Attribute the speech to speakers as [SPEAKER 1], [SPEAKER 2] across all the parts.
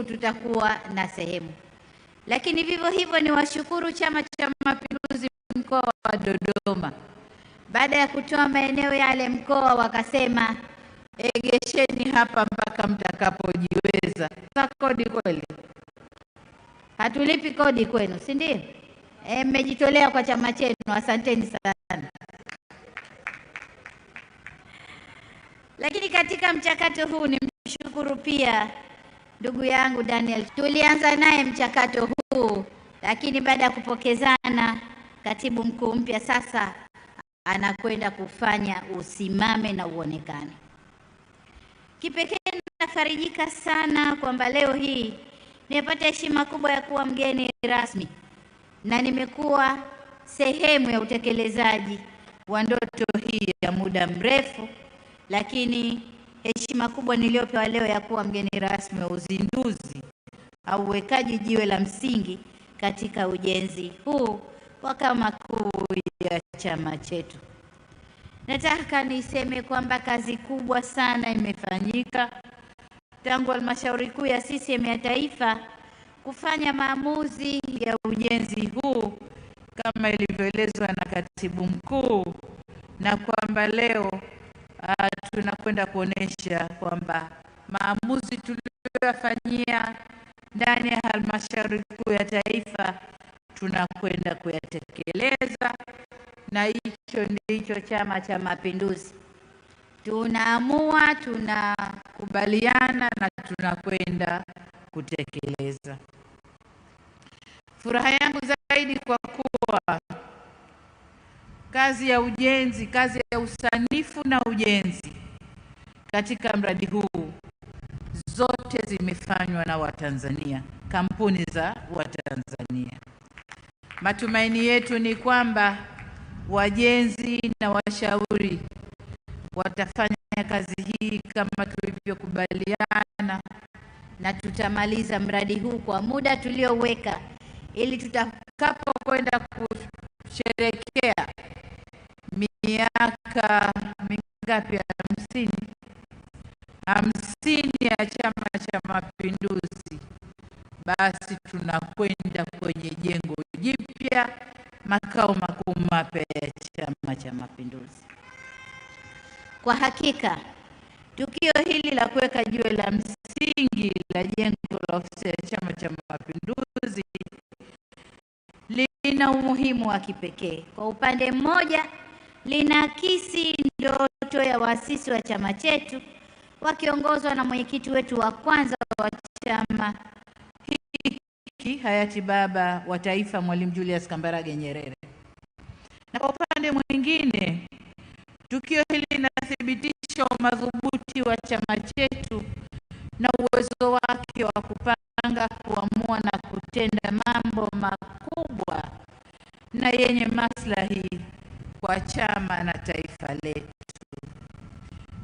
[SPEAKER 1] siku tutakuwa na sehemu. Lakini vivyo hivyo ni washukuru Chama cha Mapinduzi mkoa wa Dodoma, baada ya kutoa maeneo yale mkoa wakasema egesheni hapa mpaka mtakapojiweza. Sa kodi kweli, hatulipi kodi kwenu, si ndio? E, mmejitolea kwa chama chenu, asanteni sana. Lakini katika mchakato huu nimshukuru pia ndugu yangu Daniel. Tulianza naye mchakato huu, lakini baada ya kupokezana, katibu mkuu mpya sasa anakwenda kufanya usimame na uonekane. Kipekee nafarijika sana kwamba leo hii nimepata heshima kubwa ya kuwa mgeni rasmi na nimekuwa sehemu ya utekelezaji wa ndoto hii ya muda mrefu, lakini heshima kubwa niliyopewa leo ya kuwa mgeni rasmi wa uzinduzi au uwekaji jiwe la msingi katika ujenzi huu wa kama kuu ya chama chetu. Nataka niseme kwamba kazi kubwa sana imefanyika tangu Halmashauri Kuu ya CCM ya Taifa kufanya maamuzi ya ujenzi huu kama ilivyoelezwa na Katibu Mkuu, na kwamba leo uh, tunakwenda kuonesha kwamba maamuzi tuliyoyafanyia ndani ya halmashauri kuu ya taifa tunakwenda kuyatekeleza, na hicho ndicho Chama cha Mapinduzi. Tunaamua, tunakubaliana na tunakwenda kutekeleza. Furaha yangu zaidi kwa kuwa kazi ya ujenzi, kazi ya usanifu na ujenzi katika mradi huu zote zimefanywa na Watanzania, kampuni za Watanzania. Matumaini yetu ni kwamba wajenzi na washauri watafanya kazi hii kama tulivyokubaliana, na tutamaliza mradi huu kwa muda tulioweka, ili tutakapokwenda kusherekea miaka mingapi? Hamsini, hamsini ya Chama cha Mapinduzi, basi tunakwenda kwenye jengo jipya, makao makuu mapya ya Chama cha Mapinduzi. Kwa hakika tukio hili la kuweka jiwe la msingi la jengo la ofisi ya Chama cha Mapinduzi lina umuhimu wa kipekee. Kwa upande mmoja linakisi ndoto ya waasisi wa chama chetu wakiongozwa na mwenyekiti wetu wa kwanza wa chama hiki hayati Baba wa Taifa Mwalimu Julius Kambarage Nyerere. Na kwa upande mwingine, tukio hili linathibitisha madhubuti wa chama chetu na uwezo wake wa kupanga, kuamua na kutenda mambo makubwa na yenye maslahi kwa chama na taifa letu.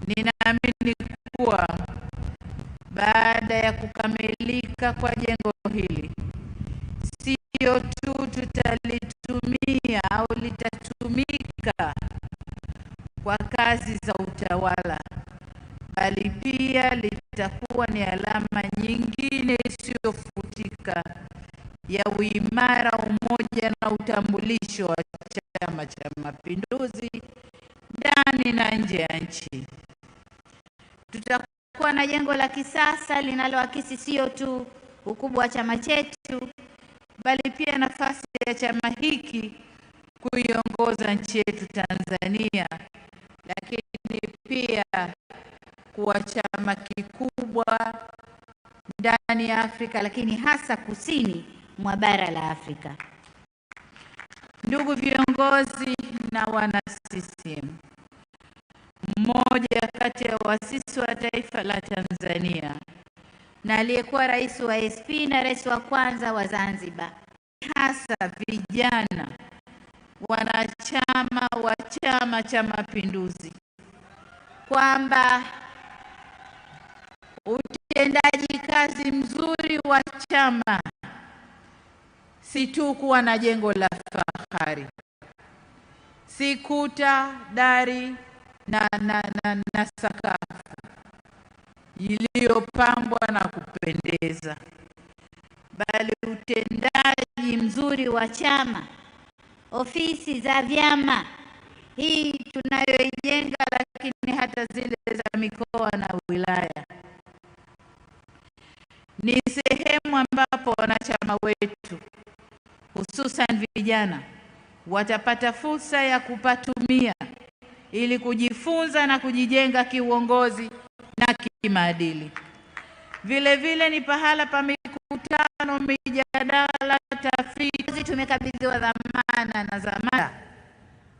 [SPEAKER 1] Ninaamini kuwa baada ya kukamilika kwa jengo hili, sio tu tutalitumia au litatumika kwa kazi za utawala, bali pia litakuwa ni alama nyingine isiyofutika ya uimara, umoja na utambulisho wa Chama cha Mapinduzi ndani na nje ya nchi. Tutakuwa na jengo la kisasa linaloakisi sio tu ukubwa wa chama chetu, bali pia nafasi ya chama hiki kuiongoza nchi yetu Tanzania, lakini pia kuwa chama kikubwa ndani ya Afrika, lakini hasa kusini mwa bara la Afrika. Ndugu viongozi na wana CCM, mmoja kati ya waasisi wa taifa la Tanzania na aliyekuwa rais wa SP na rais wa kwanza wa Zanzibar, hasa vijana wanachama wa Chama cha Mapinduzi, kwamba utendaji kazi mzuri wa chama si tu kuwa na jengo la fahari, si kuta, dari na, na, na, na sakafu iliyopambwa na kupendeza, bali utendaji mzuri wa chama, ofisi za vyama hii tunayoijenga, lakini hata zile za mikoa na wilaya vijana watapata fursa ya kupatumia ili kujifunza na kujijenga kiuongozi na kimaadili. Vile vile ni pahala pa mikutano, mijadala, tafiti. Tumekabidhiwa dhamana na zamana,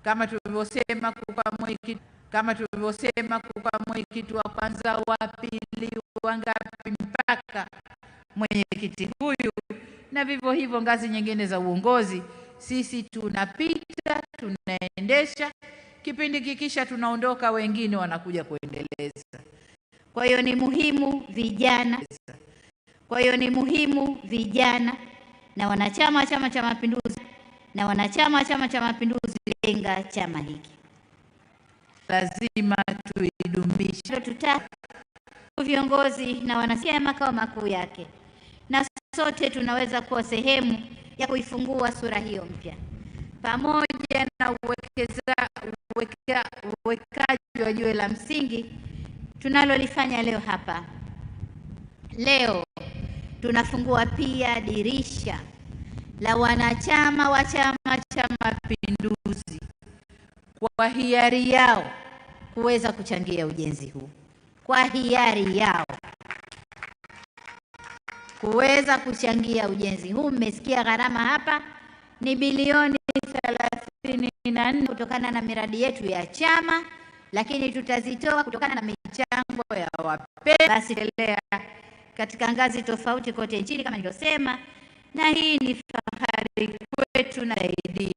[SPEAKER 1] kama tulivyosema, kukamwiki kama tulivyosema, kwa mwenyekiti wa kwanza, wa pili, wangapi mpaka mwenyekiti huyu, na vivyo hivyo ngazi nyingine za uongozi sisi tunapita tunaendesha, kipindi kikisha tunaondoka, wengine wanakuja kuendeleza. Kwa hiyo ni muhimu vijana, kwa hiyo ni muhimu vijana na wanachama Chama cha Mapinduzi na wanachama Chama cha Mapinduzi, lenga chama hiki lazima tuidumishe, tutaka viongozi na wanasiasa makao makuu yake, na sote tunaweza kuwa sehemu ya kuifungua sura hiyo mpya pamoja na uwekeza, uweka, uwekaji wa jiwe la msingi tunalolifanya leo hapa. Leo tunafungua pia dirisha la wanachama wa Chama cha Mapinduzi kwa hiari yao kuweza kuchangia ujenzi huu, kwa hiari yao kuweza kuchangia ujenzi huu. Mmesikia gharama hapa ni bilioni 34 kutokana na miradi yetu ya chama, lakini tutazitoa kutokana na michango ya wapenzi basi telea katika ngazi tofauti kote nchini kama nilivyosema, na hii ni fahari kwetu na idadi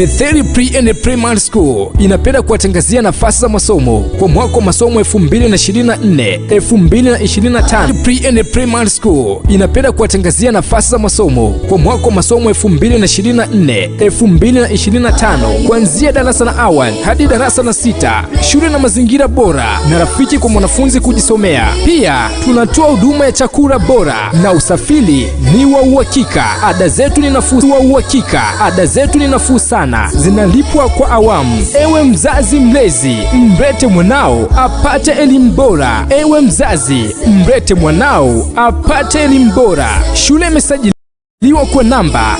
[SPEAKER 2] Bethel Pre and Primary School inapenda kuwatangazia nafasi za masomo kwa mwaka wa masomo 2024 2025. Pre and Primary School inapenda kuwatangazia nafasi za masomo kwa mwaka wa masomo 2024 2025 kuanzia darasa la awali hadi darasa la sita, shule na mazingira bora na rafiki kwa mwanafunzi kujisomea. Pia tunatoa huduma ya chakula bora na usafiri ni wa uhakika. Ada zetu ni nafuu, wa uhakika. Ada zetu ni nafuu sana sana, zinalipwa kwa awamu. Ewe mzazi mlezi, mlete mwanao apate elimu bora. Ewe mzazi, mlete mwanao apate elimu bora. Shule imesajiliwa kwa namba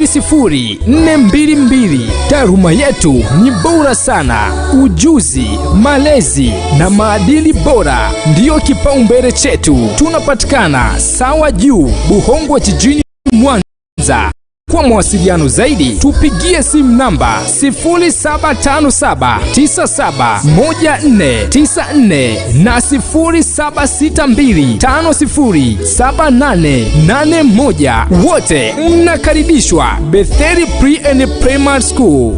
[SPEAKER 2] 0422. Taaluma yetu ni bora sana. Ujuzi, malezi na maadili bora ndiyo kipaumbele chetu. Tunapatikana sawa juu Buhongwa, jijini Mwanza. Kwa mawasiliano zaidi tupigie simu namba 0757971494 na 0762507881. Wote mnakaribishwa betheri Pre and Primary School.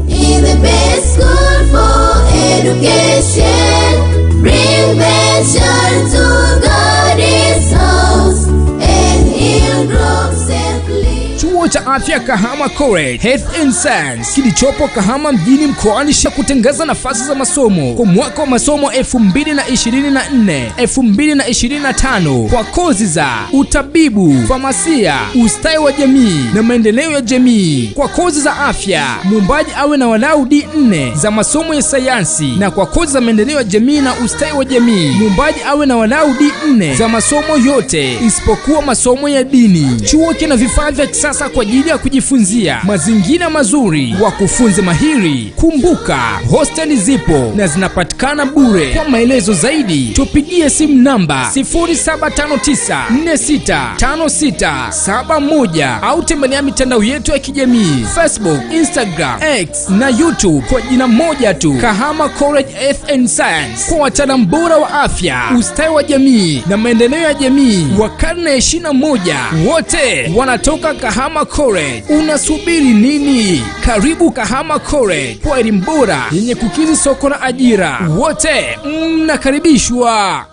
[SPEAKER 2] kamati ya Kahama College Health and Science kilichopo Kahama mjini mkoani Sha kutangaza nafasi za masomo kwa mwaka wa masomo 2024 2025 kwa kozi za utabibu, famasia, ustawi wa jamii na maendeleo ya jamii. Kwa kozi za afya mwombaji awe na walau D4 za masomo ya sayansi, na kwa kozi za maendeleo ya jamii na ustawi wa jamii mwombaji awe na walau D4 za masomo yote isipokuwa masomo ya dini. Chuo kina vifaa vya kisasa kwa ajili ajili ya kujifunzia, mazingira mazuri, wakufunzi mahiri. Kumbuka hosteli zipo na zinapatikana bure. Kwa maelezo zaidi tupigie simu namba 0759465671 au tembelea mitandao yetu ya kijamii Facebook, Instagram, X na YouTube kwa jina moja tu Kahama College Earth and Science, kwa wataalamu bora wa afya, ustawi wa jamii na maendeleo ya jamii wa karne ya 21. Wote wanatoka Kahama College. College. Unasubiri nini? Karibu Kahama College kwa elimu bora yenye kukizi soko la ajira. Wote mnakaribishwa.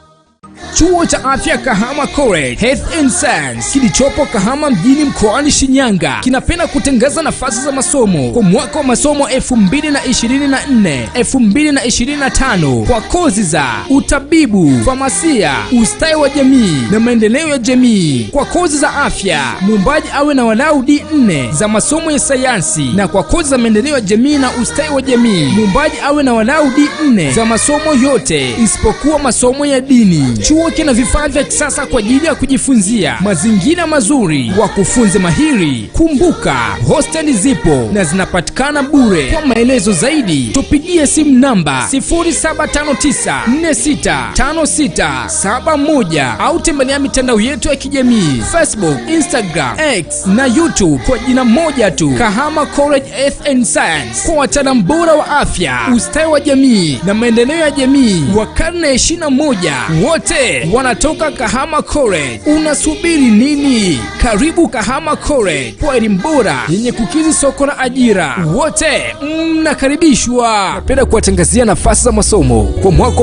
[SPEAKER 2] Chuo cha Afya Kahama College Health and Science kilichopo Kahama mjini mkoani Shinyanga kinapenda kutangaza nafasi za masomo kwa mwaka wa masomo 2024 2025 kwa kozi za utabibu, famasia, ustawi wa jamii na maendeleo ya jamii. Kwa kozi za afya muombaji awe na walau D4 za masomo ya sayansi, na kwa kozi za maendeleo ya jamii na ustawi wa jamii muombaji awe na walau D4 za masomo yote isipokuwa masomo ya dini. Chuo kina vifaa vya kisasa kwa ajili ya kujifunzia, mazingira mazuri, wakufunzi mahiri. Kumbuka hosteli zipo na zinapatikana bure. Kwa maelezo zaidi tupigie simu namba 0759465671 au tembelea mitandao yetu ya kijamii Facebook, Instagram, X na YouTube kwa jina moja tu Kahama College Health and Science, kwa wataalamu bora wa afya, ustawi wa jamii na maendeleo ya jamii wa karne ya 21 wote wanatoka Kahama College. Unasubiri nini? Karibu Kahama College kwa elimu bora yenye kukizi soko la ajira. Wote mnakaribishwa. Napenda kuwatangazia nafasi za masomo kwa mwaka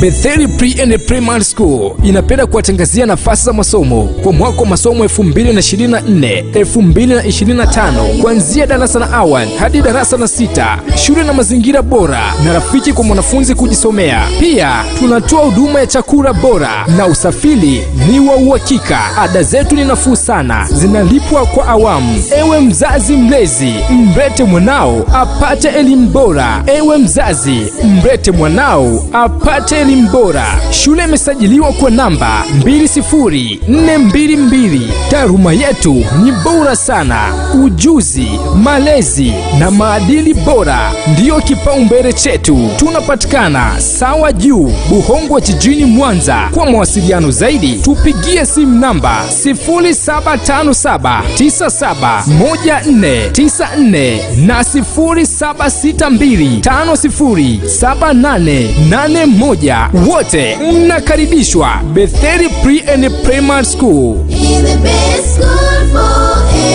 [SPEAKER 2] betheri Pre and Primary School inapenda kuwatangazia nafasi za masomo kwa mwaka wa masomo 2024 2025, kuanzia darasa la awali hadi darasa la sita, shule na mazingira bora na rafiki kwa mwanafunzi kujisomea. Pia tunatoa huduma ya chakula bora na usafiri ni wa uhakika. Ada zetu ni nafuu sana, zinalipwa kwa awamu. Ewe mzazi mlezi, mlete mwanao apate elimu bora. Ewe mzazi, mlete mwanao apate mwalimu bora. Shule imesajiliwa kwa namba 20422. Taaluma yetu ni bora sana. Ujuzi, malezi na maadili bora ndiyo kipaumbele chetu. Tunapatikana sawa juu Buhongwa, jijini Mwanza. Kwa mawasiliano zaidi, tupigie simu namba 0757971494 na 0762507881. Wote mnakaribishwa Betheri Pre and Primary School.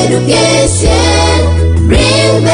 [SPEAKER 2] Education. Bring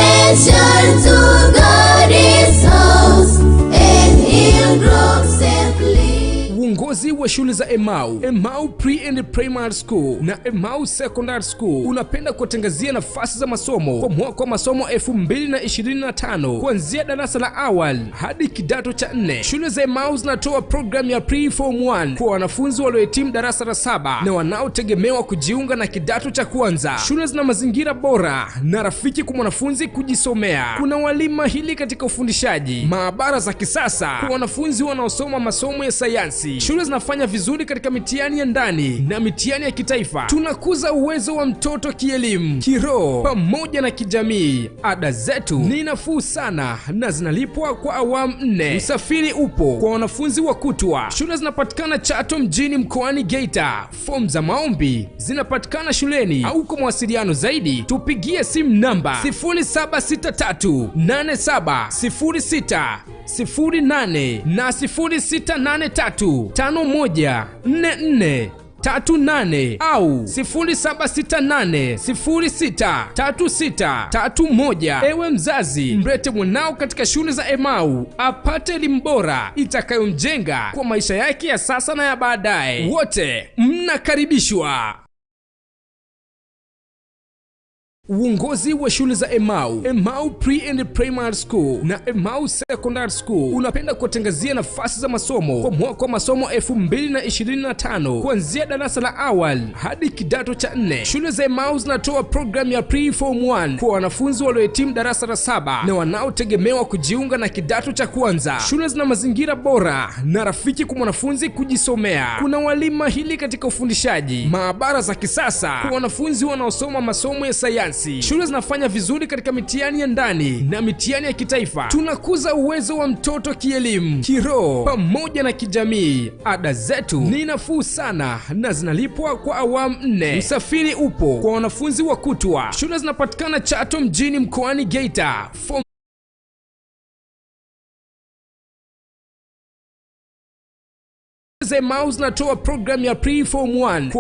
[SPEAKER 2] wa shule za Emau, Emau Pre and Primary School na Emau Secondary School unapenda kuwatangazia nafasi za masomo kwa mwaka wa masomo 2025 kuanzia darasa la awali hadi kidato cha nne. Shule za Emau zinatoa programu ya Pre Form 1 kwa wanafunzi waliohitimu darasa la saba na wanaotegemewa kujiunga na kidato cha kwanza. Shule zina mazingira bora na rafiki kwa mwanafunzi kujisomea. Kuna walimu mahili katika ufundishaji, maabara za kisasa kwa wanafunzi wanaosoma masomo ya sayansi. Shule zina kufanya vizuri katika mitihani ya ndani na mitihani ya kitaifa. Tunakuza uwezo wa mtoto kielimu, kiroho pamoja na kijamii. Ada zetu ni nafuu sana na zinalipwa kwa awamu nne. Usafiri upo kwa wanafunzi wa kutwa. Shule zinapatikana Chato mjini mkoani Geita. Fomu za maombi zinapatikana shuleni au kwa mawasiliano zaidi tupigie simu namba 0763870608 na 0683 144 38 au 0768 06 Ewe mzazi, mlete mwanao katika shule za Emau apate elimu bora itakayomjenga kwa maisha yake ya sasa na ya baadaye. Wote mnakaribishwa. Uongozi wa shule za Emau, Emau Pre and Primary School na Emau Secondary School unapenda kuwatangazia nafasi za masomo kwa mwaka wa masomo 2025 kuanzia darasa la awali hadi kidato cha nne. Shule za Emau zinatoa programu ya Pre Form 1 kwa wanafunzi waliohitimu darasa la saba na wanaotegemewa kujiunga na kidato cha kwanza. Shule zina mazingira bora na rafiki kwa mwanafunzi kujisomea. Kuna walimu mahili katika ufundishaji, maabara za kisasa kwa wanafunzi wanaosoma masomo ya sayansi kasi. Shule zinafanya vizuri katika mitihani ya ndani na mitihani ya kitaifa. Tunakuza uwezo wa mtoto kielimu, kiroho pamoja na kijamii. Ada zetu ni nafuu sana na zinalipwa kwa awamu nne. Usafiri upo kwa wanafunzi wa kutwa. Shule zinapatikana Chato mjini mkoani Geita. Form Zemaus natoa program ya form 1 kwa